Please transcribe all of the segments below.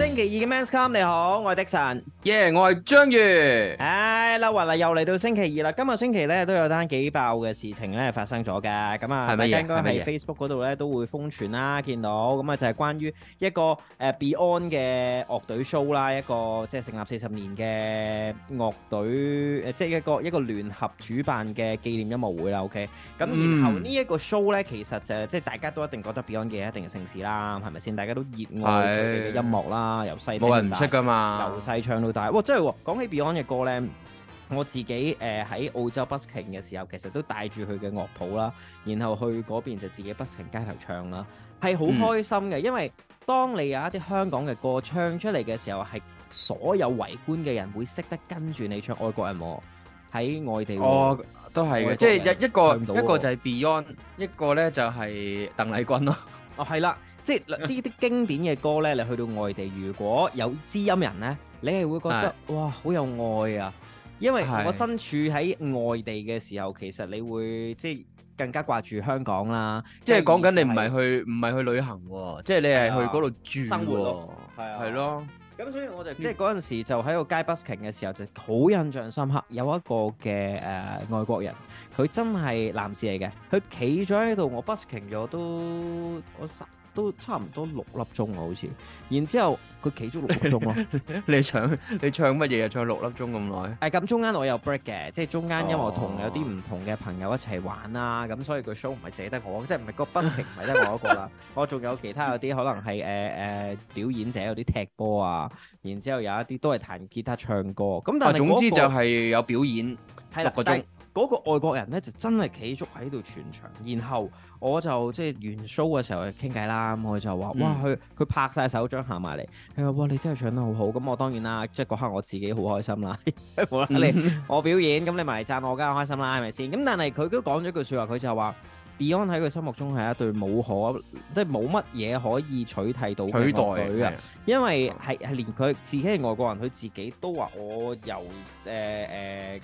星期二嘅 Men’s Come 你好，我係的神，耶，我係章魚，哎，啦云啦，又嚟到星期二啦，今日星期咧都有單幾爆嘅事情咧係發生咗嘅，咁啊，大家應該喺 Facebook 嗰度咧都會瘋傳啦，見到，咁啊就係關於一個誒 Beyond 嘅樂隊 show 啦，一個即係成立四十年嘅樂隊，誒，即係一個一個聯合主辦嘅紀念音樂會啦，OK，咁然後呢一個 show 咧其實就係即係大家都一定覺得 Beyond 嘅一定係盛事啦，係咪先？大家都熱愛佢嘅音樂啦。啊！由細冇人唔識噶嘛，由細唱到大，哇！真係，講起 Beyond 嘅歌咧，我自己誒喺、呃、澳洲 busking 嘅時候，其實都帶住佢嘅樂譜啦，然後去嗰邊就自己 busking 街頭唱啦，係好開心嘅。嗯、因為當你有一啲香港嘅歌唱出嚟嘅時候，係所有圍觀嘅人會識得跟住你唱，外國人喎。喺外地哦，都係即係一一個一個就係 Beyond，一個咧就係鄧麗君咯。哦，係啦。即係呢啲經典嘅歌咧，你去到外地，如果有知音人咧，你係會覺得是哇，好有愛啊！因為我身處喺外地嘅時候，是其實你會即係更加掛住香港啦。即係講緊你唔係去唔係、就係、去旅行喎，即係你係去嗰度住生活咯。係啊，係咯、啊。咁所以我就、嗯、即係嗰陣時就喺個街 busking 嘅時候，就好印象深刻。有一個嘅誒、呃、外國人，佢真係男士嚟嘅，佢企咗喺度，我 busking 咗都我，都我都差唔多六粒鐘喎，好似，然之後佢企足六粒鐘啊，你唱你唱乜嘢啊？唱六粒鐘咁耐？誒咁、哎、中間我有 break 嘅，即係中間因為我有同有啲唔同嘅朋友一齊玩啊，咁、oh. 所以個 show 唔係淨得我，即係唔係個不停，唔係得我一個啦。我仲有其他有啲可能係誒誒表演者，有啲踢波啊，然之後有一啲都係彈吉他唱歌。咁、啊、但係總之就係有表演六個鐘。嗰個外國人咧就真係企足喺度全場，然後我就即係完 show 嘅時候去傾偈啦。咁我就話：哇，佢佢、嗯、拍晒手掌行埋嚟，佢話：哇，你真係唱得好好。咁我當然啦，即係嗰刻我自己好開心啦。 我你、嗯、我表演，咁你埋嚟讚我，梗係開心啦，係咪先？咁但係佢都講咗句説話，佢就話 Beyond 喺佢心目中係一對冇可，即係冇乜嘢可以取替到取代佢啊。因為係係、嗯、連佢自己係外國人，佢自己都話：我由誒誒。呃呃呃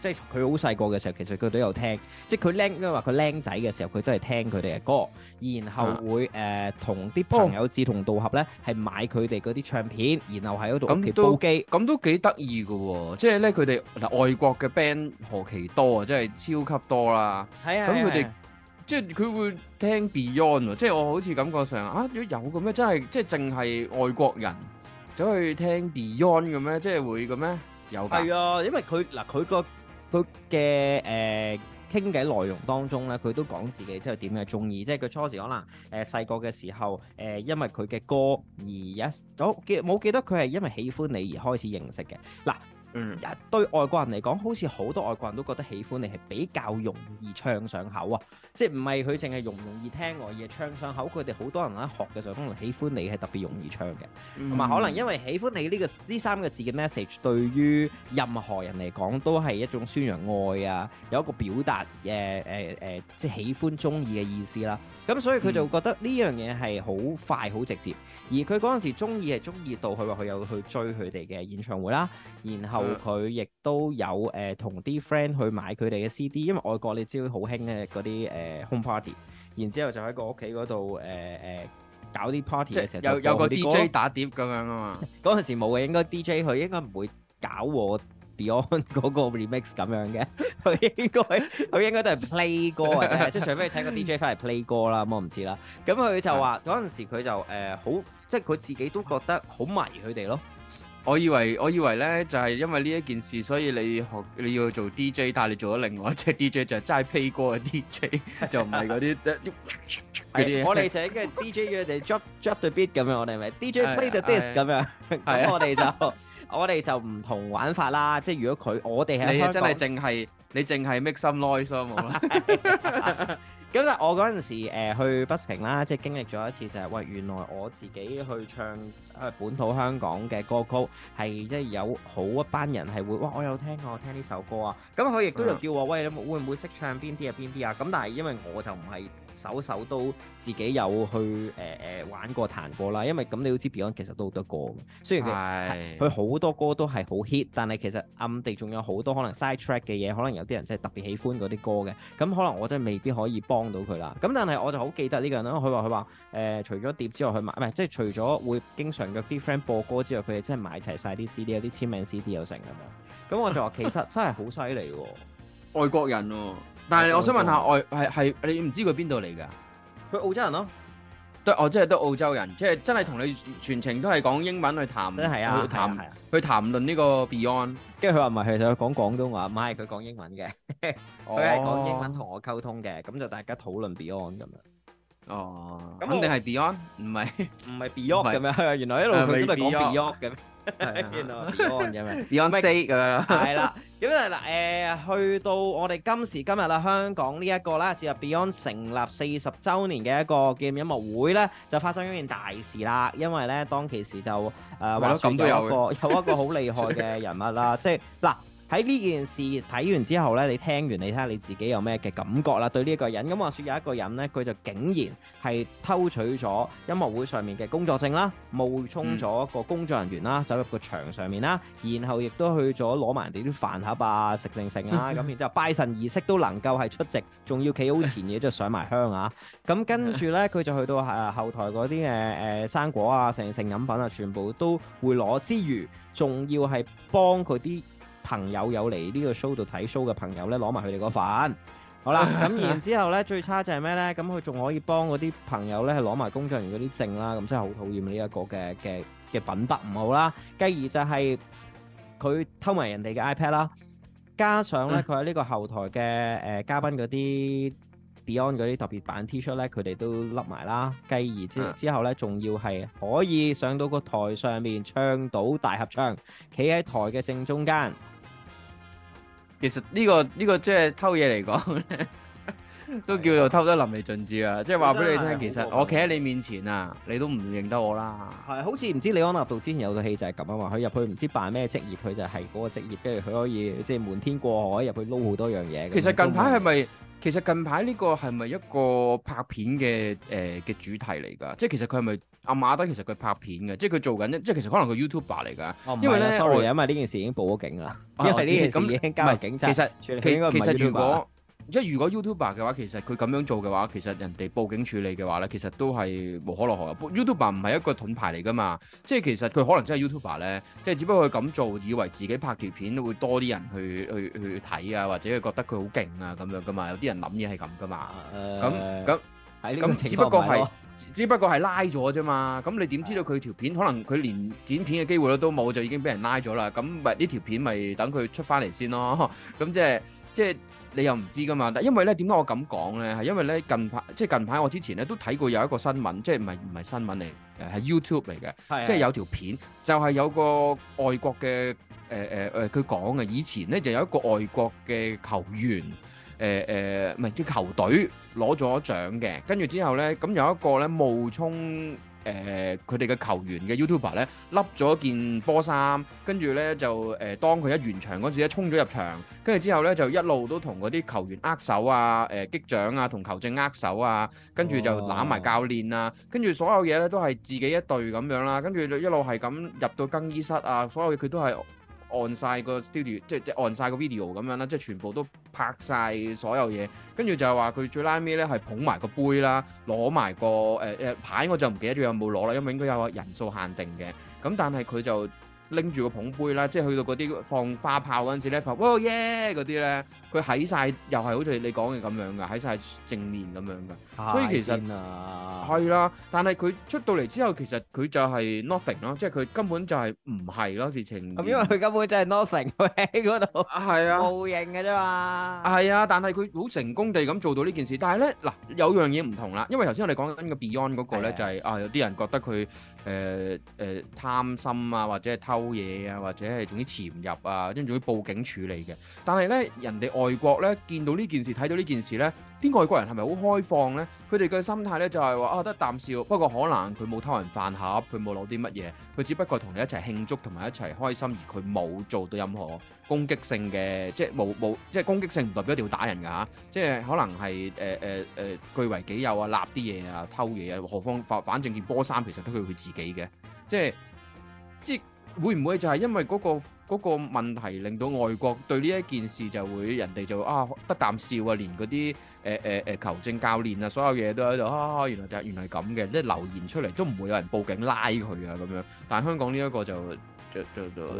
即係佢好細個嘅時候，其實佢都有聽。即係佢僆，因為話佢僆仔嘅時候，佢都係聽佢哋嘅歌，然後會誒同啲朋友志同道合咧，係買佢哋嗰啲唱片，然後喺嗰度其煲機。咁都幾得意㗎喎！即係咧，佢哋外國嘅 band 何其多啊！真係超級多啦。係啊。咁佢哋即係佢會聽 Beyond，即係我好似感覺上啊，有嘅咩，真係即係淨係外國人走去聽 Beyond 嘅咩，即係會嘅咩？有。係啊，因為佢嗱佢個。佢嘅誒傾偈內容當中咧，佢都講自己即係點樣鍾意，即係佢初時可能誒細個嘅時候誒、呃，因為佢嘅歌而一，我、哦、記冇記得佢係因為喜歡你而開始認識嘅嗱。嗯，對外國人嚟講，好似好多外國人都覺得喜歡你係比較容易唱上口啊！即係唔係佢淨係容唔容易聽，而係唱上口。佢哋好多人喺學嘅時候，可能喜歡你係特別容易唱嘅，同埋、嗯、可能因為喜歡你呢、呢個呢三個字嘅 message，對於任何人嚟講都係一種宣揚愛啊，有一個表達嘅誒誒即係喜歡鍾意嘅意思啦。咁所以佢就覺得呢樣嘢係好快好直接，而佢嗰陣時中意係中意到佢話佢有去追佢哋嘅演唱會啦，然後佢亦都有誒同啲 friend 去買佢哋嘅 CD，因為外國你知好興嘅嗰啲誒 home party，然之後就喺個屋企嗰度誒誒搞啲 party 嘅時候就歌有，有有個 DJ 打碟咁樣啊嘛，嗰陣 時冇嘅，應該 DJ 佢應該唔會搞我。Beyond 嗰個 remix 咁樣嘅，佢應該佢應該都係 play 歌或者係即係除非你請個 DJ 翻嚟 play 歌啦，我唔知啦。咁佢就話嗰陣時佢就誒好，即係佢自己都覺得好迷佢哋咯。我以為，我以為咧就係因為呢一件事，所以你學你要做 DJ，但係你做咗另外一隻 DJ，就係齋 play 歌嘅 DJ，就唔係嗰啲嗰啲。我哋就係跟住 DJ 佢哋 drop drop the beat 咁樣，我哋咪 DJ play the disc 咁樣，咁我哋就。我哋就唔同玩法啦，即係如果佢我哋係真係淨係你淨係 make some noise 咁啦。咁但 我嗰陣時去北京啦，即係經歷咗一次就係，喂原來我自己去唱誒本土香港嘅歌曲，係即係有好一班人係會，哇我有聽過我聽呢首歌啊！咁佢亦都就叫我，喂你會唔會識唱邊啲啊邊啲啊？咁但係因為我就唔係。首首都自己有去誒誒、呃、玩過彈過啦，因為咁你都知 Beyond 其實都好多歌嘅，的雖然佢好多歌都係好 hit，但係其實暗地仲有好多可能 side track 嘅嘢，可能有啲人真係特別喜歡嗰啲歌嘅，咁可能我真係未必可以幫到佢啦。咁但係我就好記得呢個人啦，佢話佢話誒除咗碟之外佢買，唔係即係除咗會經常約啲 friend 播歌之外，佢哋真係買齊晒啲 CD，有啲簽名 CD 又成咁樣。咁我就話其實真係好犀利喎，外 國人喎，哦。但係我想問下，我係，係你唔知佢邊度嚟噶？佢澳洲人咯，都澳洲係都澳洲人，即係真係同你全程都係講英文去談，都係啊，去談，去談論呢個 Beyond。跟住佢話唔係，其實佢講廣東話，唔係佢講英文嘅，佢係講英文同我溝通嘅，咁就大家討論 Beyond 咁樣。哦，咁肯定係 Beyond，唔係唔係 Beyond 咁樣？原來一路佢都係講 Beyond 嘅咩？原來 Beyond 咁樣？Beyond say 咁樣，係啦。點解咧？嗱、嗯呃，去到我哋今時今日啦，香港呢一個咧，設立 Beyond 成立四十週年嘅一個紀念音樂會咧，就發生咗件大事啦。因為咧，當其時就誒，咁都有個有一個好厲害嘅人物啦， 即係嗱。喺呢件事睇完之後呢，你聽完你睇下你自己有咩嘅感覺啦？對呢一個人咁話説有一個人呢，佢就竟然係偷取咗音樂會上面嘅工作證啦，冒充咗一個工作人員啦，走入個場上面啦，然後亦都去咗攞埋人哋啲飯盒啊、食剩剩啊，咁 然之後拜神儀式都能夠係出席，仲要企好前嘢，就上埋香啊。咁跟住呢，佢就去到誒後台嗰啲誒誒生果啊、成成，成飲品啊，全部都會攞之餘，仲要係幫佢啲朋友有嚟呢個 show 度睇 show 嘅朋友咧，攞埋佢哋個飯好啦。咁 然之後咧，最差就係咩咧？咁佢仲可以幫嗰啲朋友咧，攞埋工作員嗰啲證啦。咁真係好討厭呢一個嘅嘅嘅品德唔好啦。繼而就係佢偷埋人哋嘅 iPad 啦，加上咧佢喺呢 個後台嘅誒、呃、嘉賓嗰啲 Beyond 嗰啲特別版 T-shirt 咧，佢哋都笠埋啦。繼而之 之後咧，仲要係可以上到個台上面唱到大合唱，企喺台嘅正中間。其實呢個呢個即係偷嘢嚟講， 都叫做偷得淋漓盡致啊！的即係話俾你聽，其實我企喺你面前啊，你都唔認得我啦。係，好似唔知李安納度之前有套戲就係咁啊嘛，佢入去唔知扮咩職業，佢就係嗰個職業，跟住佢可以即係瞞天過海入去撈好多樣嘢。其實近排係咪？其實近排呢個係咪一個拍片嘅誒嘅主題嚟㗎？即係其實佢係咪？阿馬德其實佢拍片嘅，即係佢做緊咧，即係其實可能佢 YouTuber 嚟㗎。因為咧、哦啊、我，sorry，因為呢件事已經報咗警啦。啊、因為呢件事咁經交警察、啊、其實處理，應該唔係 YouTuber。即係如果，果 YouTuber 嘅話，其實佢咁樣做嘅話，話，其實人哋報警處理嘅話咧，其實都係無可奈何。YouTuber 唔係一個盾牌嚟㗎嘛，即係其實佢可能真係 YouTuber 咧，即係只不過佢咁做，以為自己拍條片會多啲人去去去睇啊，或者覺得佢好勁啊咁樣㗎嘛。有啲人諗嘢係咁㗎嘛。咁咁。咁只不過係，只不過係拉咗啫嘛。咁你點知道佢條片的可能佢連剪片嘅機會咧都冇，就已經俾人拉咗啦。咁咪呢條片咪等佢出翻嚟先咯。咁即係，即係你又唔知噶嘛。但因為咧，點解我咁講咧？係因為咧近排，即係近排我之前咧都睇過有一個新聞，即係唔係唔係新聞嚟，係 YouTube 嚟嘅。即係的有條片，就係有個外國嘅誒誒誒，佢講嘅以前咧就有一個外國嘅球員。誒誒，唔係啲球隊攞咗獎嘅，跟住之後咧，咁有一個咧冒充誒佢哋嘅球員嘅 YouTuber 咧，笠咗件波衫，跟住咧就誒、欸、當佢一完場嗰時咧，衝咗入場，跟住之後咧就一路都同嗰啲球員握手啊，誒、欸、擊掌啊，同球證握手啊，跟住就攬埋教練啊，跟住所有嘢咧都係自己一隊咁樣啦，跟住就一路係咁入到更衣室啊，所有嘢佢都係。按曬個 studio，即係即係按曬個 video 咁樣啦，即係全部都拍晒所有嘢，跟住就係話佢最拉尾咧係捧埋個杯啦，攞埋個誒誒牌，我就唔記得咗有冇攞啦，因為應該有個人數限定嘅，咁但係佢就。拎住個捧杯啦，即係去到嗰啲放花炮嗰陣時咧，放哇耶嗰啲咧，佢喺晒又係好似你講嘅咁樣噶，喺晒正面咁樣噶。啊、所以其實係啦、啊，但係佢出到嚟之後，其實佢就係 nothing 咯，即係佢根本就係唔係咯，事情。因為佢根本就係 nothing 佢喺嗰度，無形嘅啫嘛。係啊，但係佢好成功地咁做到呢件事。但係咧嗱，有樣嘢唔同啦，因為頭先我哋講緊個 Beyond 嗰個咧，就係的的啊有啲人覺得佢。誒誒、呃呃、貪心啊，或者係偷嘢啊，或者係仲要潛入啊，跟住仲要報警處理嘅。但係咧，人哋外國咧見到呢件事，睇到呢件事咧。啲外國人係咪好開放咧？佢哋嘅心態咧就係話啊，得啖笑。不過可能佢冇偷人飯盒，佢冇攞啲乜嘢，佢只不過同你一齊慶祝同埋一齊開心，而佢冇做到任何攻擊性嘅，即係冇冇，即係攻擊性唔代表一定要打人㗎嚇。即係可能係誒誒誒據為己有啊，立啲嘢啊，偷嘢啊，何況反反正件波衫其實都係佢自己嘅，即係即係。會唔會就係因為嗰個嗰個問題，令到外國對呢一件事就會人哋就啊不啖笑啊，連嗰啲誒誒誒球證教練啊，所有嘢都喺度，啊。原來就原來係咁嘅，啲留言出嚟都唔會有人報警拉佢啊咁樣，但係香港呢一個就。好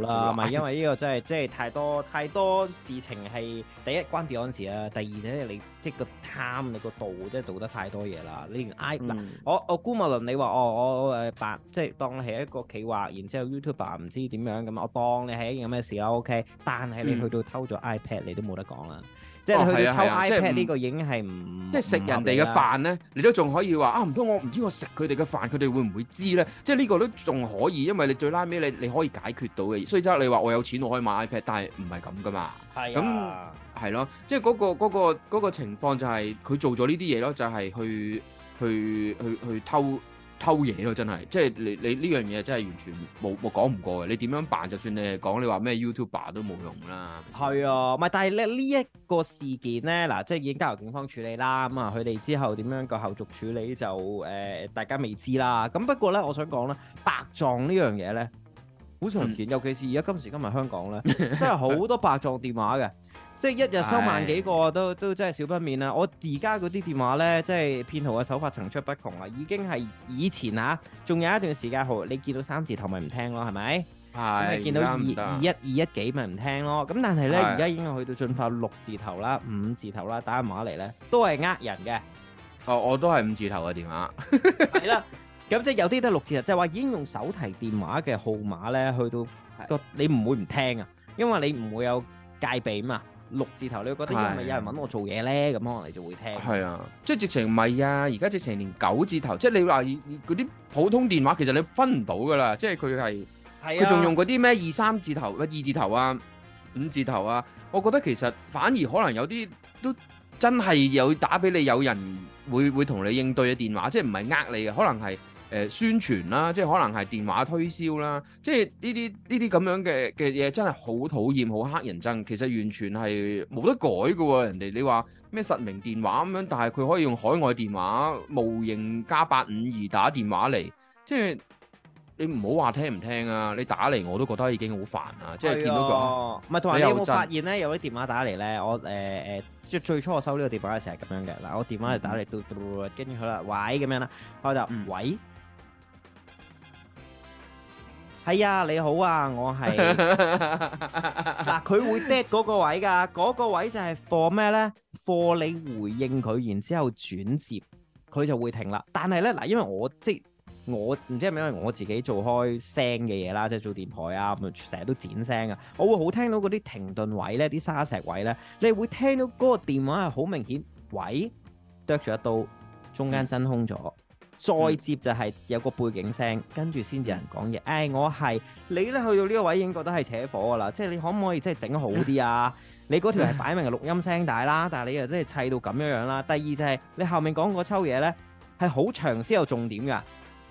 啦、咪、嗯、 因為呢個真係，即係太多太多事情係第一關閉嗰陣時啦，第二者你即係、就是、個貪，你個度真係做得太多嘢啦。你 iPad 嗱，我我姑勿論你話哦，我誒白、呃、即係當係一個企劃，然之後 YouTuber 唔知點樣咁，我當你係一件咁嘅事啦 OK，但係你去到偷咗 iPad、嗯、你都冇得講啦。即係佢哋偷 iPad 呢個已經係唔，即係食人哋嘅飯咧，嗯、你都仲可以話啊唔通我唔知我食佢哋嘅飯，佢哋會唔會知咧？即係呢個都仲可以，因為你最拉尾你你可以解決到嘅。所以即係你話我有錢我可以買 iPad，但係唔係咁噶嘛。係啊，咁係咯，即係嗰個嗰、嗰個嗰個嗰個、情況就係佢做咗呢啲嘢咯，就係、係、去去去去，去偷。偷嘢咯，真係，即係你你呢樣嘢真係完全冇冇講唔過嘅，你點樣辦？就算你係講你話咩 YouTuber 都冇用啦。係啊，唔係但係咧呢一個事件咧，嗱，即係已經交由警方處理啦。咁啊，佢哋之後點樣個後續處理就誒、呃，大家未知啦。咁不過咧，我想講咧，白撞呢樣嘢咧，好常見，嗯、尤其是而家今時今日香港咧，真係好多白撞電話嘅。即係一日收萬幾個都都真係少不免啦！我而家嗰啲電話咧，即係騙徒嘅手法層出不窮啦，已經係以前啊，仲有一段時間號，你見到三字頭咪唔聽咯，係咪？係。咁你見到二二一二一幾咪唔聽咯。咁但係咧，而家已經去到進化六字頭啦、五字頭啦，打電話嚟咧都係呃人嘅。哦，我都係五字頭嘅電話。係啦，咁即係有啲都係六字頭，即係話已經用手提電話嘅號碼咧，去到個你唔會唔聽啊，因為你唔會有戒備嘛。六字頭，你會覺得係咪有人搵我做嘢咧？咁、啊、可能你就會聽。係啊，即係直情唔係啊！而家直情連九字頭，即係你話嗰啲普通電話，其實你分唔到㗎喇。即係佢係，佢仲係、啊、用嗰啲咩二三字頭、二字頭啊、五字頭啊。我覺得其實反而可能有啲都真係有打俾你，有人會會同你應對嘅電話，即係唔係呃你嘅？可能係。誒、呃、宣傳啦，即係可能係電話推銷啦，即係呢啲呢啲咁樣嘅嘅嘢，真係好討厭，好乞人憎。其實完全係冇得改㗎喎，人哋你話咩實名電話咁樣，但係佢可以用海外電話無形加八五二打電話嚟，即係你唔好話聽唔聽啊！你打嚟我都覺得已經好煩啦，啊、即係見到個唔係同埋你有冇發現咧？有啲電話打嚟咧，我誒誒，即、呃、係、呃、最初我收呢個電話嘅時候係咁樣嘅嗱，我電話嚟打嚟嘟嘟，跟住佢啦，喂咁樣啦，我就喂。嗯係啊、哎，你好啊，我係嗱，佢、 啊、會 dead 嗰個位噶，嗰、嗰個位就係 for 咩咧？for 你回應佢，然之後轉接，佢就會停啦。但係咧，嗱，因為我即係我唔知係咪因為我自己做開聲嘅嘢啦，即係做電台啊，咁啊，成日都剪聲啊，我會好聽到嗰啲停頓位咧，啲沙石位咧，你會聽到嗰個電話係好明顯，喂，啄咗一刀，中間真空咗。嗯再接就係有個背景聲，嗯、跟住先至有人講嘢。誒、哎，我係你咧，去到呢個位已經覺得係扯火噶啦，即係你可唔可以即係整好啲啊？你嗰條係擺明係錄音聲帶啦，但係你又真係砌到咁樣樣啦。第二就係、是、你後面講嗰抽嘢咧係好長先有重點㗎，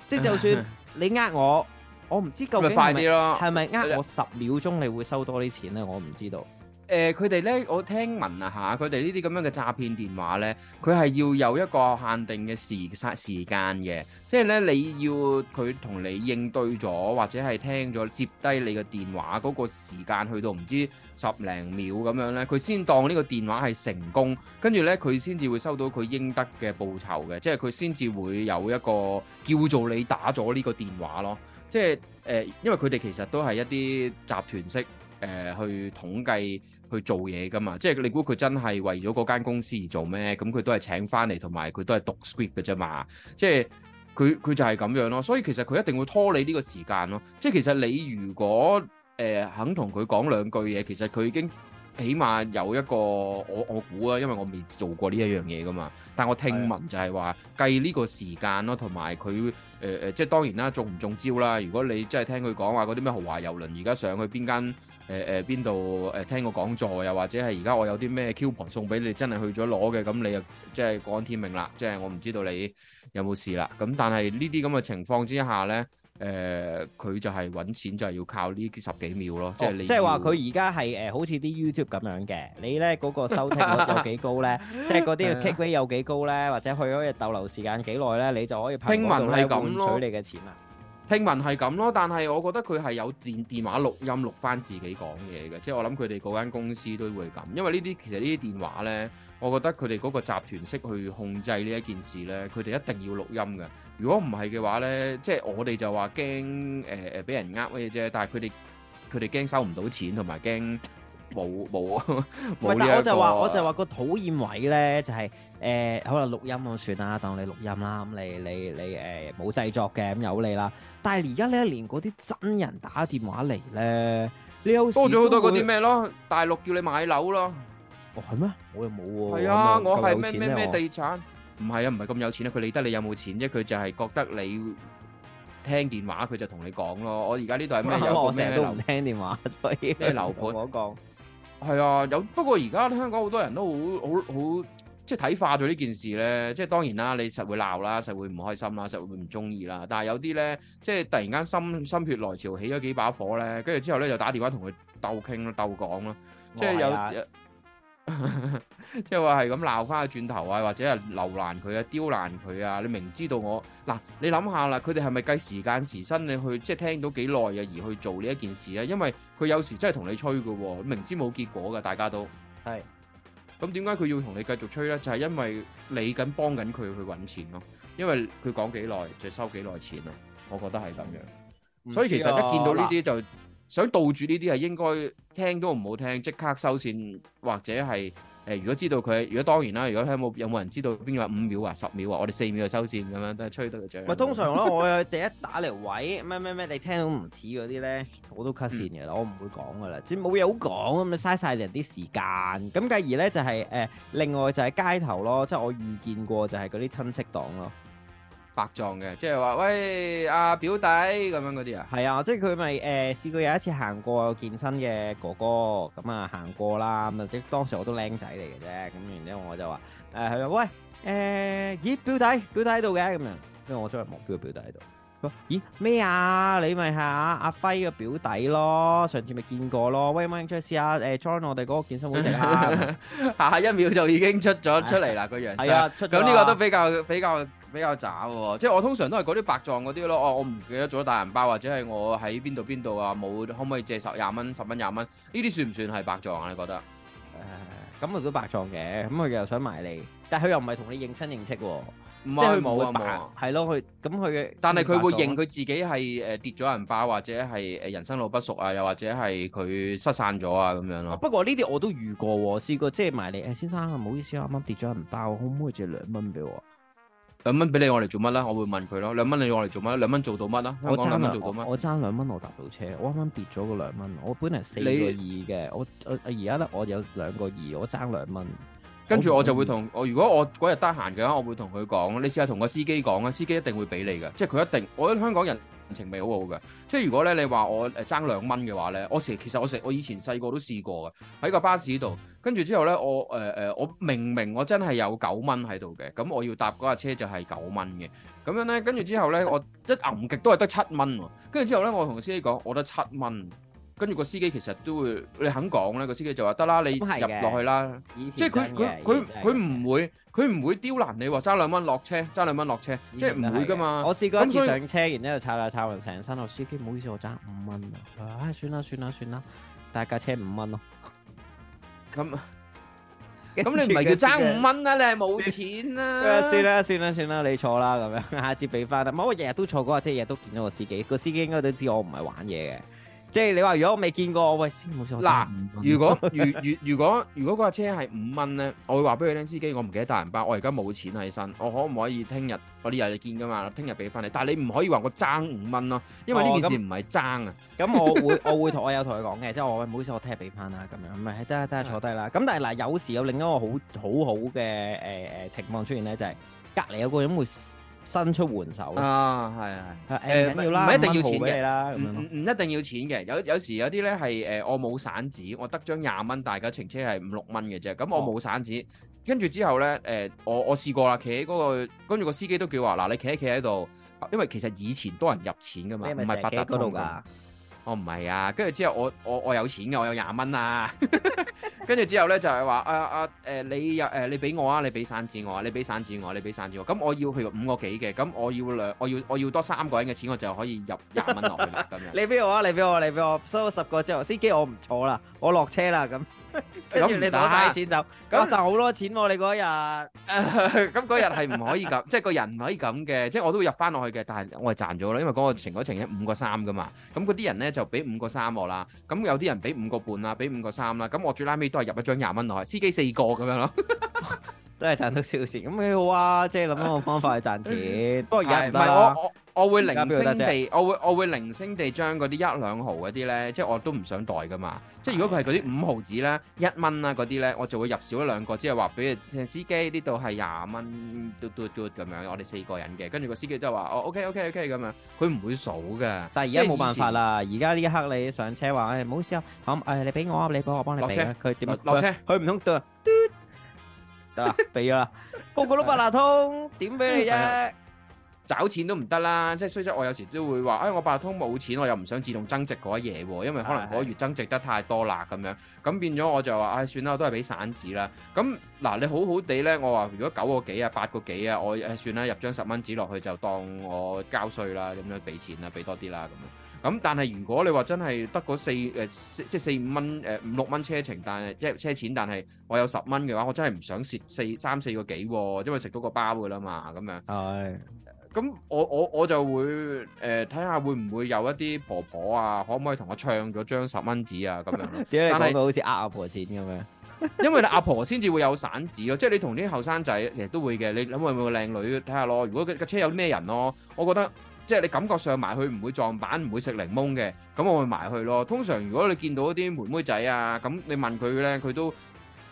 即係就算你呃我，唉唉唉我唔知究竟係咪係咪呃我十秒鐘，你會收多啲錢咧？我唔知道。誒佢哋咧，我聽聞啊嚇，佢哋呢啲咁樣嘅詐騙電話咧，佢係要有一個限定嘅時殺時間嘅，即係咧你要佢同你應對咗，或者係聽咗接低你嘅電話嗰個時間，去到唔知十零秒咁樣咧，佢先當呢個電話係成功，跟住咧佢先至會收到佢應得嘅報酬嘅，即係佢先至會有一個叫做你打咗呢個電話咯，即係誒、呃，因為佢哋其實都係一啲集團式誒、呃、去統計。去做嘢㗎嘛，即係你估佢真係為咗嗰間公司而做咩？咁佢都係請返嚟，同埋佢都係讀 script 嘅啫嘛，即係佢佢就係咁樣咯。所以其實佢一定會拖你呢個時間咯。即係其實你如果誒、呃、肯同佢講兩句嘢，其實佢已經。起碼有一個我我估啊，因為我未做過呢一樣嘢噶嘛。但我聽聞就係話計呢個時間咯，同埋佢誒誒，即係當然啦，中唔中招啦？如果你真係聽佢講話嗰啲咩豪華遊輪，而家上去邊間誒誒邊度誒聽個講座呀，又或者係而家我有啲咩 coupon 送俾你，真係去咗攞嘅，咁你即係講天命啦，即係我唔知道你有冇事啦。咁但係呢啲咁嘅情況之下咧。誒佢、呃、就係揾錢就係要靠呢十幾秒咯，哦、即係你即係話佢而家係誒好似啲 YouTube 咁樣嘅，你咧嗰、嗰個收聽率有幾高咧？ 即係嗰啲嘅 click rate 有幾高咧？ 或者去嗰日逗留時間幾耐咧？你就可以拍喺嗰度收取你嘅錢啊！聽聞係咁咯，聽聞係咁咯，但係我覺得佢係有電電話錄音錄翻自己講嘢嘅，即係我諗佢哋嗰間公司都會咁，因為呢啲其實呢啲電話咧。我覺得佢哋嗰個集團式去控制呢一件事咧，佢哋一定要錄音嘅。如果唔係嘅話咧，即係我哋就話驚誒誒俾人呃嘅啫。但係佢哋佢哋驚收唔到錢，同埋驚冇冇冇呢一個。我就話我就話個討厭位咧，就係誒可能錄音就算啦，當你錄音啦，咁你你你誒冇製作嘅咁有利啦。但係而家咧，連嗰啲真人打電話嚟咧，多咗好多嗰啲咩咯？大陸叫你買樓咯。係咩？我又冇喎。係啊，我係咩咩咩地產？唔係啊，唔係咁有錢啊。佢理得你有冇錢啫，佢就係覺得你聽電話，佢就同你講咯。我而家呢度係咩？我成日都唔聽電話，所以即係樓盤嗰個。係啊，有，不過而家香港好多人都好好好，即係睇化咗呢件事咧。即係當然啦，你實會鬧啦，實會唔開心啦，實會唔中意啦。但係有啲咧，即係突然間心血心血來潮起咗幾把火咧，跟住之後咧就打電話同佢鬥傾咯，鬥講咯，即係有。即係話係咁鬧翻個轉頭啊，或者係留難佢啊，刁難佢啊，你明知道我嗱，你諗下啦，佢哋係咪計時間時薪你去即係聽到幾耐，啊而去做呢一件事咧、啊？因為佢有時真係同你吹噶、啊，明知冇結果噶，大家都係。咁點解佢要同你繼續吹咧？就係、是、因為你緊幫緊佢去搵錢咯、啊。因為佢講幾耐就收幾耐錢咯、啊。我覺得係咁樣。啊、所以其實一見到呢啲就。想倒住呢啲係應該聽都唔好聽，即刻收線或者係誒、呃，如果知道佢，如果當然啦，如果聽冇有冇人知道邊個話五秒啊、十秒啊，我哋四秒就收線咁樣都係吹得嘅啫。咪通常咯， 我係第一打嚟位，咩咩咩你聽到唔似嗰啲咧，我都 cut 線嘅啦，嗯、我唔會講噶啦，即冇嘢好講咁咪嘥晒人啲時間。咁繼而咧就係、是、誒、呃，另外就係街頭咯，即、就、係、是、我遇見過就係嗰啲親戚黨咯。白撞嘅，即係話喂阿表弟咁樣嗰啲啊，係啊，即係佢咪誒試過有一次行過健身嘅哥哥，咁啊行過啦，咁啊當時我都靚仔嚟嘅啫，咁然之後我就話，誒係啊喂誒咦表弟表弟喺度嘅，咁樣。因為我真係望到個表弟喺度，咦咩啊，你咪係阿阿輝個表弟咯，上次咪見過咯，喂，有冇興趣試下，誒 join 我哋嗰個健身會籍啊，下一秒就已經出咗出嚟啦，嗰樣，係啊，咁呢個都比較比較。比較渣喎，即係我通常都係嗰啲白撞嗰啲咯。哦，我唔記得咗大銀包或者係我喺邊度邊度啊，冇可唔可以借十廿蚊、十蚊廿蚊？呢啲算唔算係白撞啊？你覺得？誒，咁都白撞嘅，咁佢又想埋你，但係佢又唔係同你認親認戚喎，即係佢唔會白。係咯，佢咁佢。但係佢會認佢自己係誒跌咗銀包，或者係誒人生路不熟啊，又或者係佢失散咗啊咁樣咯。不過呢啲我都遇過，試過即係埋你誒，先生唔好意思啊，啱啱跌咗銀包，可唔可以借兩蚊俾我？兩蚊俾你我嚟做乜啦？我會問佢咯。兩蚊你我嚟做乜？兩蚊做到乜啦？香港兩蚊我做到乜？我爭兩蚊我搭到車，我啱啱跌咗個兩蚊。我本來四個二嘅你，我而家咧我有兩個二，我爭兩蚊。跟住我就會同我不如果我嗰日得閒嘅話，我會同佢講。你試下同個司機講啊，司機一定會俾你嘅。」即係佢一定，我覺得香港人情味好好嘅。即係如果咧你我話我誒爭兩蚊嘅話咧，我成其實我成我以前細個都試過嘅，喺個巴士度。跟住之後咧，我誒誒，我明明我真係有九蚊喺度嘅，咁我要搭嗰架車就係九蚊嘅，咁樣咧，跟住之後咧，我一揞極都係得七蚊喎。跟住之後咧，我同司機講，我得七蚊。跟住個司機其實都會，你肯講咧，個司機就話得啦，你入落去啦。即係佢佢佢佢唔會，佢唔會刁難你喎，爭兩蚊落車，爭兩蚊落車，即係唔會噶嘛。我試過一次上車，然之後抄嚟抄去成身，落司機，唔好意思，我爭五蚊啊！唉，算啦算啦算啦，大架車五蚊咯。咁，咁你唔係叫爭五蚊啦，你係冇錢啦，啊。 算啦，算啦，算啦，你坐啦，咁樣，下次俾翻。唔好日日都坐嗰日，即係日日都見到個司機，個司機應該都知我唔係玩嘢嘅。即係你話如果我未見過，喂先冇錯。嗱，如果如如如果如果嗰架車係五蚊咧，我會話俾佢聽司機，我唔記得帶銀包，我而家冇錢啊，喺身，我可唔可以聽日嗰啲日你見噶嘛，聽日俾翻你，但係你唔可以話我爭五蚊咯，因為呢件事唔係爭啊。咁我會我會同我有同佢講嘅，即係我喂，唔好意思，我聽日俾翻啦，咁樣咁咪得啦，得啦，坐低啦。咁但係嗱，有時有另一個好好好嘅誒誒情況出現咧，就係隔籬有個人會，伸出援手啊，係啊，誒唔唔一定要錢嘅啦，唔唔一定要錢嘅，有有時有啲咧係誒，我冇散紙，我得張廿蚊，大家程車係五六蚊嘅啫，咁我冇散紙，跟住之後咧誒、呃，我我試過啦，企喺嗰個跟住個司機都叫話，嗱你企喺企喺度，因為其實以前多人入錢噶嘛，唔係八達通嘅。我唔係啊，跟住之後我我我有錢嘅，我有廿蚊啊。跟 住之後咧就係話啊啊誒你有誒你俾我啊，你俾散紙我，啊，你俾散紙我，你俾散紙我。咁我，我，我要譬如五個幾嘅，咁我要兩我要我要多三個人嘅錢，我就可以入廿蚊落去啦。咁樣 你俾我啊，你俾我，你俾我，我，收咗十個之後，司機我唔坐啦，我落車啦咁。跟住 你攞大錢就，咁賺好多錢喎，啊 嗯！你嗰日，咁嗰日係唔可以咁， 即係個人唔可以咁嘅，即係我都會入翻落去嘅，但係我係賺咗啦，因為嗰個成嗰成一五個三噶嘛，咁嗰啲人咧就俾五個三我啦，咁有啲人俾五個半啦，俾五個三啦，咁我最拉尾都係入一張廿蚊落去，司機四個咁樣咯。 都係賺到少錢，咁幾好啊！即係諗多個方法去賺錢，不過入唔得啦。唔係我我我會零星地，我會我會零星地將嗰啲一兩毫嗰啲咧，即係我都唔想袋噶嘛。即係如果佢係嗰啲五毫紙啦、一蚊啦嗰啲咧，我就會入少一兩個，即係話比如司機呢度係廿蚊，嘟嘟嘟咁樣，我哋四個人嘅，跟住個司機就話哦，OK OK OK 咁樣，佢唔會數噶。但係而家冇辦法啦，而家呢一刻你上車話，誒唔好意思啊，好誒你俾我啊，你俾我我幫你落車，佢點落車？佢唔通嘟。得啦，俾啦，個個都八達通點俾 你啫？ 找錢都唔得啦，即係雖然我有時都會話，誒、哎、我八達通冇錢，我又唔想自動增值嗰一嘢喎，因為可能嗰一月增值得太多啦咁樣，咁變咗我就話，唉、哎、算啦，我都係俾散紙啦。咁嗱你好好地咧，我話如果九個幾啊八個幾啊，我誒算啦，入張十蚊紙落去就當我交稅啦，咁樣俾錢啦，俾多啲啦咁樣。咁、嗯、但係如果你話真係得嗰四誒即係四五蚊誒五六蚊車程，但係即係車錢，但係我有十蚊嘅話，我真係唔想蝕四三四個幾，因為食到個包噶啦嘛，咁樣。係、哎。咁、嗯、我我我就會誒睇下會唔會有一啲婆婆啊，可唔可以同我唱咗張十蚊紙啊？咁樣。點解你好似呃阿婆錢咁樣？ 因為你阿婆先至會有散紙咯，即、就、係、是、你同啲後生仔其實都會嘅。你諗下會唔會個靚女睇下咯？如果嘅嘅車有咩人咯？我覺得。即係你感覺上埋去唔會撞板，唔會食檸檬嘅，咁我會埋去咯。通常如果你見到一啲妹妹仔啊，咁你問佢咧，佢都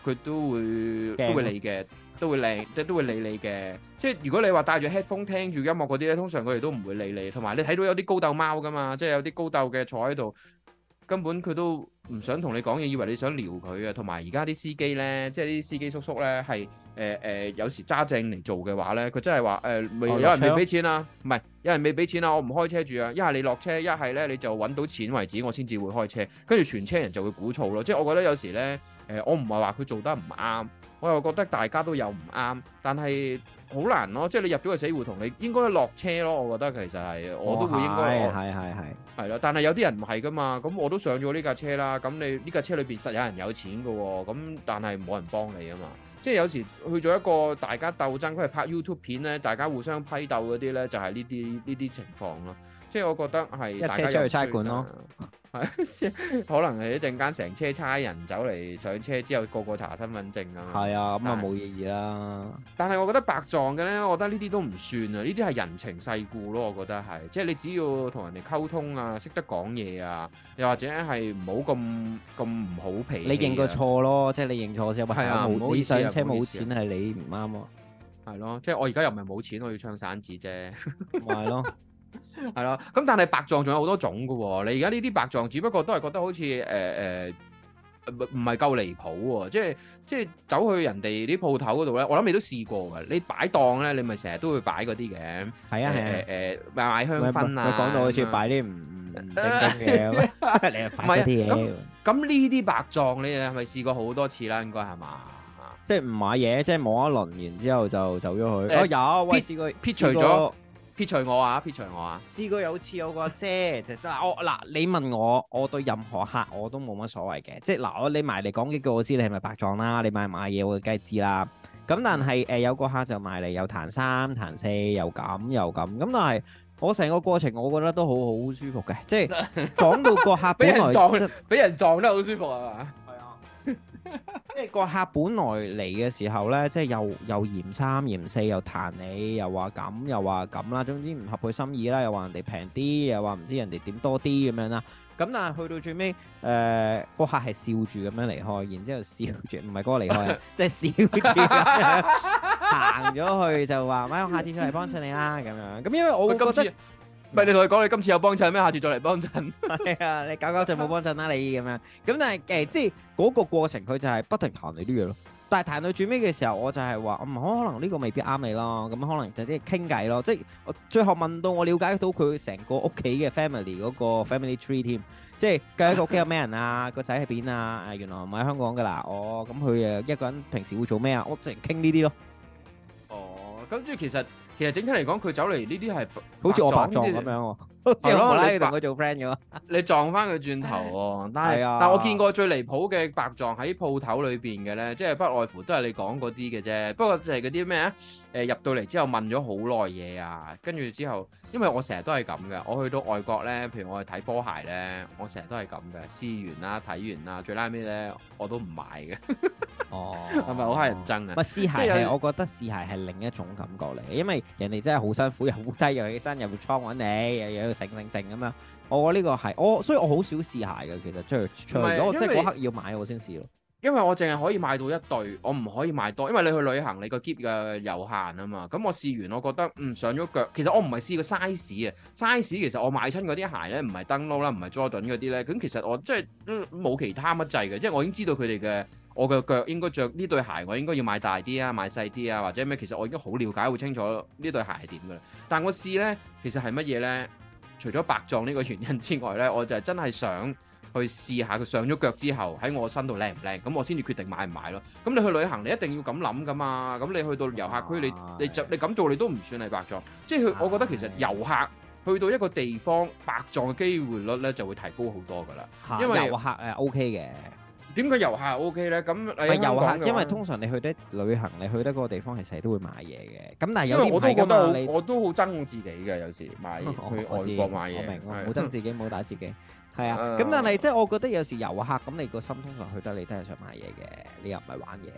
佢都會都會理嘅，都會靚都都會理你嘅。即係如果你話戴住 headphone 聽住音樂嗰啲咧，通常佢哋都唔會理你。同埋你睇到有啲高鬥貓噶嘛，即係有啲高鬥嘅坐喺度。根本佢都唔想同你講嘢，以為你想撩佢啊！同埋而家啲司機呢，即係啲司機叔叔呢，係、呃呃、有時揸正嚟做嘅話呢，佢真係話有人未俾錢啦，唔係有人未俾錢啦，我唔開車住啊！一係你落車，一係呢你就揾到錢為止，我先至會開車。跟住全車人就會鼓噪咯。即係我覺得有時呢，呃、我唔係話佢做得唔啱。我又覺得大家都有唔啱，但係好難咯，啊，即係你入咗個死胡同，你應該落車咯。我覺得其實係，哦、我都會應該。係係係係咯，但係有啲人唔係噶嘛，咁我都上咗呢架車啦。咁你呢架車裏邊實有人有錢噶，啊，咁但係冇人幫你啊嘛。即係有時去做一個大家鬥爭，佢係拍 YouTube 片咧，大家互相批鬥嗰啲咧，就係呢啲呢啲情況咯。即係我覺得係大家出去差館咯，係 可能係一陣間成車差人走嚟，上車之後個個查身份證咁。係啊，咁啊冇意義啦。但係我覺得白撞嘅咧，我覺得呢啲都唔算啊，呢啲係人情世故咯。我覺得係，即係你只要同人哋溝通啊，識得講嘢啊，又或者係唔好咁咁唔好皮，你認個錯咯，即係你認錯先。係啊，唔好意思啊。上車冇錢係你唔啱啊。係咯，啊啊，即係我而家又唔係冇錢，我要唱散紙啫，咪係咯。係啦，咁但係白撞仲有好多種噶，你而家呢啲白撞只不過都係覺得好似誒誒唔唔係夠離譜喎，即係即係走去人哋啲鋪頭嗰度咧，我諗你都試過噶，你擺檔咧，你咪成日都會擺嗰啲嘅，係啊係誒賣賣香薰啊，講到好似擺啲唔唔唔正經嘅，你擺啲嘢，唔係啊，咁呢啲白撞你係咪試過好多次啦？應該係嘛？即係唔買嘢，即係摸一輪，然之後就走咗去。哦有，我試過撇除咗。撇除我啊，撇除我啊！試過有次有個姐，姐， 就即係哦嗱，你問我，我對任何客我都冇乜所謂嘅，即係嗱，我你埋嚟講幾句，我知你係咪白撞啦？你買唔買嘢，我梗係知啦。咁但係誒、呃、有個客就埋嚟又彈三彈四，又咁又咁，咁但係我成個過程，我覺得都好好舒服嘅，即係講到個客，俾 人撞，俾人撞得好舒服啊嘛！即係個客本來嚟嘅時候咧，即係又又嫌三嫌四，又彈你，又話咁，又話咁啦，總之唔合佢心意啦，又話人哋平啲，又話唔知人哋點多啲咁樣啦。咁但係去到最尾，誒、呃，個客係笑住咁樣離開，然之後笑住，唔係嗰個離開，即係笑住行咗去就，就話，喂，我下次再嚟幫襯你啦，咁樣。咁因為我會覺得。唔係你同佢講你今次有幫襯咩？下次再嚟幫襯係啊！你搞搞就冇幫襯啦！你咁樣咁，但係誒，即係嗰個過程佢就係不停談你啲嘢咯。但係談到最尾嘅時候，我就係話：嗯，可可能呢個未必啱你啦。咁可能就即係傾偈咯。即係最後問到我瞭解到佢成個屋企嘅 family 嗰個 family tree 添，即係計下個屋企有咩人啊？個仔喺邊啊？誒，原來唔喺香港噶啦。哦，咁佢誒，一個人平時會做咩啊？我直情傾呢啲咯。哦，咁即係其實。其實整體嚟講，佢走嚟呢啲係好似我白撞咁樣喎。 無無你同佢做 friend 嘅你撞返佢轉頭哦。但係，但我見過最離譜嘅白撞喺鋪頭裏邊嘅咧，即、就、係、是、不外乎都係你講嗰啲嘅啫。不過就係嗰啲咩啊？誒、呃，入到嚟之後問咗好耐嘢啊，跟住之後，因為我成日都係咁嘅，我去到外國咧，譬如我去睇波鞋咧，我成日都係咁嘅，試完啦，睇完啦，最拉尾咧，我都唔買嘅。 哦是是，係咪好乞人憎啊？試鞋因為，我覺得試鞋係另一種感覺嚟，因為人哋真係好辛苦，又仆低又起身又入倉揾你，又成成成咁樣，我呢個係我，所以我好少試鞋嘅。其實，除除咗即係嗰刻要買我，我先試咯。因為我淨係可以買到一對，我唔可以買多。因為你去旅行，你個 keep 嘅有限啊嘛。咁我試完，我覺得嗯上咗腳。其實我唔係試個 size 啊，size 其實我買親嗰啲鞋咧，唔係 Dunk Low 啦，唔係 Jordan 嗰啲咧。咁其實我即係冇其他乜滯嘅，即係我已經知道佢哋嘅我嘅腳應該着呢對鞋，我應該要買大啲啊，買細啲啊，或者咩？其實我已經好了解，好清楚呢對鞋係點噶啦。但係我試咧，其實係乜嘢咧？除咗白撞呢個原因之外呢，我就真係想去試下佢上咗腳之後喺我身度靚唔靚，咁我先至決定買唔買咯。咁你去旅行你一定要咁諗噶嘛。咁你去到遊客區你的你，你你就你咁做，你都唔算係白撞。即係我覺得其實遊客的去到一個地方，白撞嘅機會率呢就會提高好多噶啦。因為遊客誒係 O K 嘅。點解遊客 O K 咧？咁唔係遊客，因為通常你去啲旅行，你去得嗰個地方，其實你都會買嘢嘅。咁但係有因我，你我都覺得我都好憎自己嘅，有時買 我去外國買嘢，好憎的自己，唔好 打自己，係啊。咁但係即係我覺得有時遊客咁，你個心通常去得你都係想買嘢嘅，你又唔係玩嘢。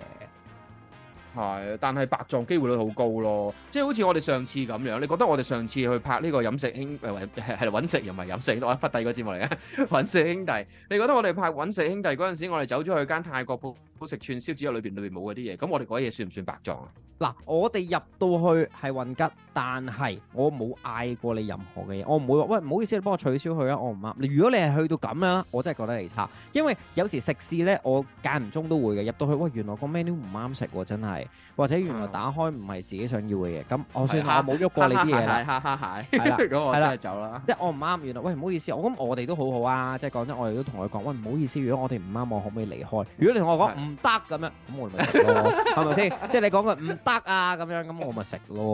係，但係白撞機會率好高咯，即係好似我哋上次咁樣。你覺得我哋上次去拍呢個飲食兄，係係搵食又唔係飲食，我一忽第二個節目嚟啊！搵 食兄弟，你覺得我哋拍搵食兄弟嗰陣時，我哋走咗去間泰國鋪食串燒裡，只有裏邊裏邊冇嗰啲嘢，咁我哋嗰嘢算唔算白撞啊？嗱，我哋入到去係混吉。但係我冇嗌過你任何嘅嘢，我唔會話喂，唔好意思，你幫我取消佢啊，我唔啱。如果你係去到咁樣，我真係覺得你差，因為有時食肆咧，我間唔中都會嘅，入到去喂，原來個 menu 唔啱食，真係，或者原來打開唔係自己想要嘅嘢，咁我算我冇喐過你啲嘢啦。蝦蟹係啦，咁我真係走啦。即係我唔啱，原來喂，唔好意思，我咁我哋都好好啊。即係講真，我哋都同佢講，喂，唔好意思，如果我哋唔啱，我可唔可以離開？如果你同我講唔得咁樣，咁我咪食咯，係咪先？即係你講佢唔得啊，咁樣咁我咪食咯。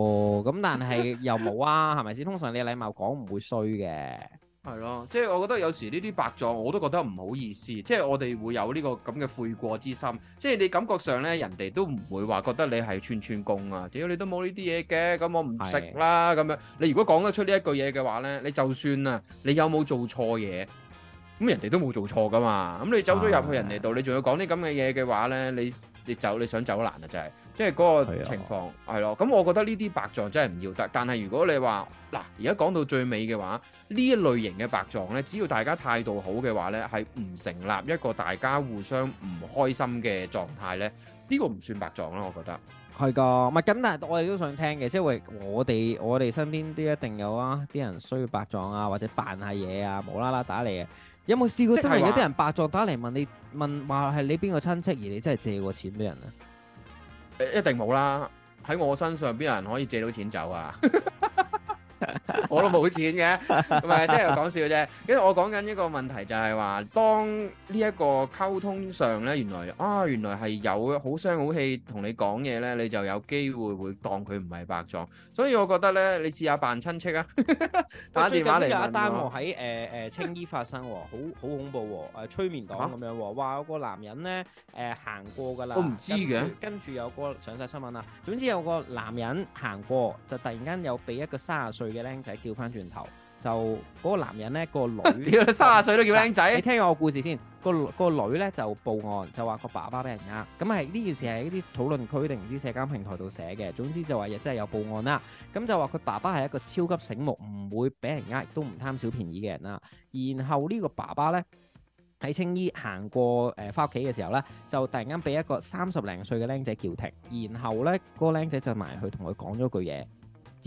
咁但 但係又冇啊，係咪先？通常你禮貌講唔會衰嘅。係咯， 即係我覺得有時呢啲白撞，我都覺得唔好意思。即係我哋會有呢個咁嘅悔過之心。即係你感覺上咧，人哋都唔會話覺得你係串串貢啊。屌，你都冇呢啲嘢嘅，咁我唔食啦咁樣。你如果講得出呢一句嘢嘅話咧，你就算啊，你有冇做錯嘢？咁人哋都冇做錯噶嘛，咁你走咗入去人哋度，啊、你仲要講啲咁嘅嘢嘅話呢？你你走你想走難啊，就係，即係嗰個情況係咯。咁的我覺得呢啲白撞真係唔要得。但係如果你話嗱，而家講到最尾嘅話，呢一類型嘅白撞呢，只要大家態度好嘅話呢，係唔成立一個大家互相唔開心嘅狀態呢。呢、呢個唔算白撞啦，我覺得。係噶，咁，但係我哋都想聽嘅，即係我哋我哋身邊啲一定有啊，啲人需要白撞啊，或者扮下嘢啊，無啦啦打你。啊。有冇試過真係有啲人白撞打嚟，問你問話，係你邊個親戚，而你真係借過錢俾人啊？一定冇啦！喺我身上邊邊人可以借到錢走啊？ 我都冇錢嘅，唔係即係講笑啫。其實我講緊一個問題就係話，當呢一個溝通上咧，原來啊原來係有好聲好氣同你講嘢咧，你就有機會會當佢唔係白撞。所以我覺得咧，你試下扮親戚啊。 打電話嚟問我。我最近呢個單案喺誒誒青衣發生，好好恐怖喎，哦。誒、呃、催眠黨咁樣，有個男人咧誒、呃、行過噶啦。我唔知嘅。跟住有個上晒新聞啦。總之有個男人行過，就突然間有俾一個卅歲。嘅僆仔叫返轉頭，就嗰、嗰個男人咧，個女，你卅歲都叫僆仔？ 你聽下我故事先。個個女咧就報案，就話個爸爸俾人呃。咁係呢件事係喺啲討論區定唔知社交平台度寫嘅。總之就話亦真係有報案啦。咁就話佢爸爸係一個超級醒目，唔會俾人呃，亦都唔貪小便宜嘅人啦。然後呢個爸爸咧喺青衣行過誒返屋企嘅時候咧，就突然間俾一個三十零歲嘅僆仔叫停。然後咧，嗰個僆仔就埋去同佢講咗句嘢。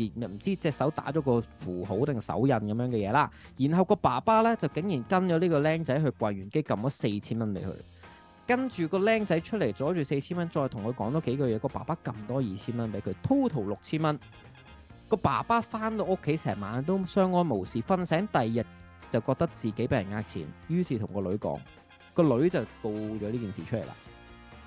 唔知隻手打咗個符號定手印咁樣嘅嘢啦，然後個爸爸咧就竟然跟咗呢個僆仔去櫃員機撳咗四千蚊俾佢，跟住個僆仔出嚟阻住四千蚊，再同佢講多幾句嘢，個爸爸撳多二千蚊俾佢，total 六千蚊。個爸爸翻到屋企成晚都相安無事，瞓醒第二日就覺得自己俾人呃錢，於是同個女講，個女就報咗呢件事出嚟啦。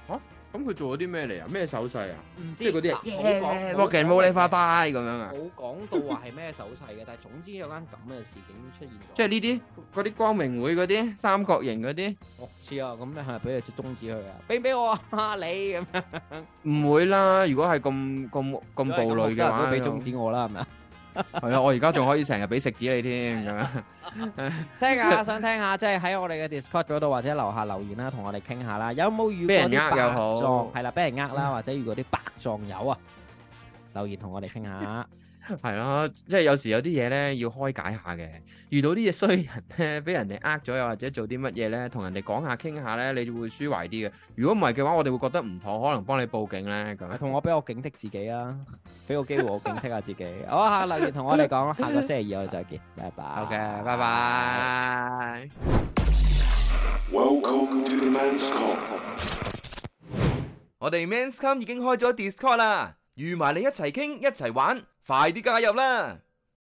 啊。咁佢做咗啲咩嚟啊？咩手勢啊？即係嗰啲啊，冇講 working 茉莉花帶咁樣啊。冇講到話係咩手勢嘅，但係總之有間咁嘅事件出現咗。即係呢啲嗰啲光明會嗰啲三角形嗰啲。我知啊，咁你係咪俾隻中指佢啊？俾俾我啊，你咁樣。唔會啦，如果係咁咁咁暴戾嘅話，都俾中指我啦，係咪啊？係啦， 我而家仲可以成日俾食指你添，咁樣。 聽下，想聽下，即係喺我哋嘅 Discord 嗰度或者樓下留言啦，同我哋傾下啦。有冇遇過啲白撞又好，係啦，俾人呃啦，或者遇過啲白撞友啊？留言同我哋傾下。 係咯，即係、 就是，有時有啲嘢咧要開解下嘅。遇到啲嘢衰人咧，俾人哋呃咗，又或者做啲乜嘢咧，同人哋講下傾下咧，你就會舒懷啲嘅。如果唔係嘅話，我哋會覺得唔妥，可能幫你報警咧。同我俾我警惕自己啦，啊，俾個機會我警惕下自己。 好啊，林健同我哋講，下個星期二我哋再見，拜拜。OK，拜拜。Okay, bye bye。Welcome to the Men's Come。我哋 Men's Come 已經開咗 Discord 啦，預埋你一齊傾一齊玩。快啲加入啦！